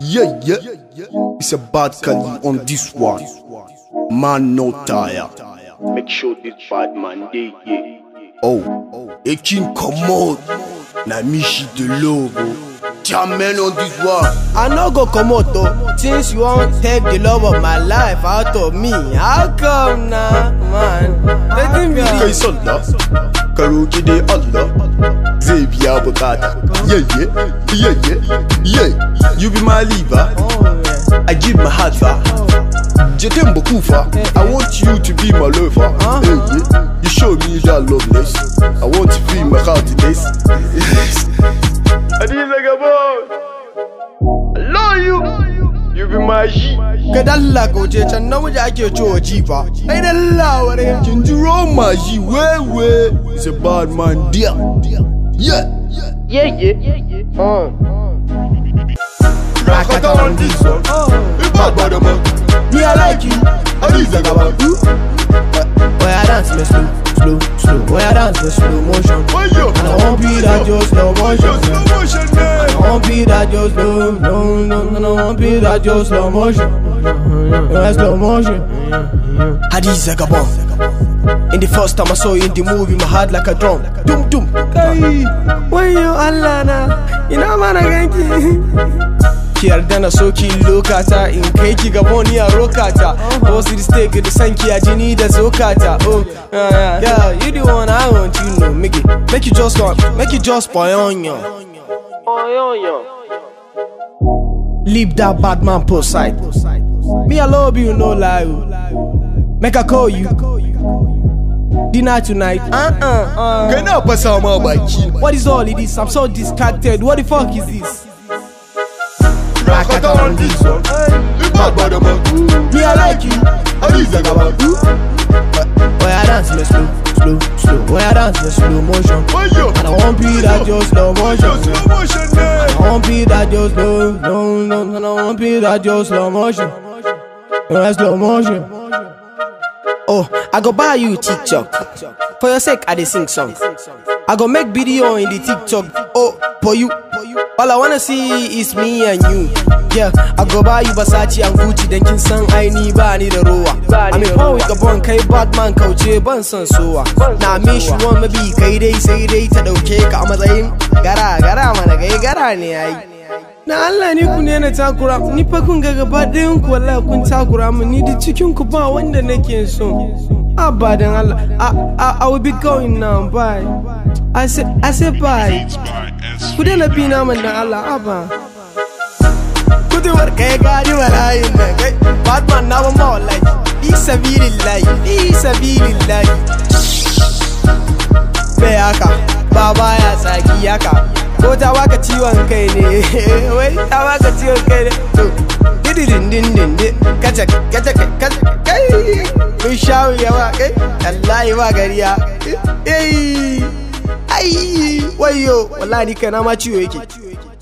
Yeah, yeah, it's a bad Kali on this one. Man, no tire. Make sure this bad man, yeah, yeah. Oh, et oh. King commode. Na Michi de Lobo. men on this one. I no go out though. Since you won't take the love of my life out of me. How come now, man? Let him be. Karuki de Allah, yeah, yeah, yeah, yeah, yeah. You be my liver, I give my heart for. Jetembo Kufa, I want you to be my lover. Hey, yeah. You show me that loveliness. I want to be my heartiness. I need like a boy. I love you. you be my G. Kadala dalla goje can namiji ake cewa G fa. Ai dalla ware. Kin ji Roma G It's a bad man dear. Yeah. Yeah, yeah, yeah, yeah. Uh. Rakata on this one. You bad bad, bottom Me, I like you. I need to about you. Boy, I dance me slow, slow, slow. Boy, I dance me slow motion. And I won't be that just slow motion. I won't be that just no, no, no, no, no. Won't be that just slow motion. Yeah, slow motion. Hadiz Zagabon. In the first time I saw you in the movie, my heart like a drum. Doom, doom. Hey, where ki yarda na lokata in kai ki gabo ni a rokata wasu mistake da san a jini da zokata oh yeah, yeah you the one i want you know make it make you just want, make you just on poyonyo leave that bad man post side me i love you no lie oh. make i call you Dinner tonight. Uh-uh. Uh. Gonna pass out my bike. What is all this? is? I'm so distracted. What the fuck is this? Rakata on this one. Hey. Bad bottom Me, I like you. How is that about you? Boy, I dance me slow, slow, slow. Boy, I dance me slow motion. And I won't be that your slow motion. Slow motion, I won't be that your slow, no, no, no. I won't be that your slow motion. No, slow motion. Oh, I go buy you TikTok. For your sake, I dey sing song. I go make video in the TikTok. Oh, for you. All I wanna see is me and you. Yeah, I go buy you Versace and Gucci Then kin san I need ba ni da rowa. I mean power with gabon kai bad man kauce ban san sowa. Na me shi one mabi kai dai sai dai ta dauke ka a matsayin gara gara mana kai gara ne ai. Na Allah ni ku ne na takura ni fa kun ga gaba dayan ku wallahi kun takura mu ni da cikin ku ba wanda nake so. abadan ah, Allah I, I, I will be going now bye I say I say bye ku daina bi na man dan Allah aba kuduwar kai gari walayin na kai Batman na ba mawalai fi sabilillahi fi sabilillahi bai haka baba ya tsaki haka ko ta baka ciwon kai ne wai ta baka ciwon kai ne to dididin din din kace kace kace mun sha mu yawa kai wallahi ba gariya eh, eh. ai wayo wallahi ni kana ma ciwo yake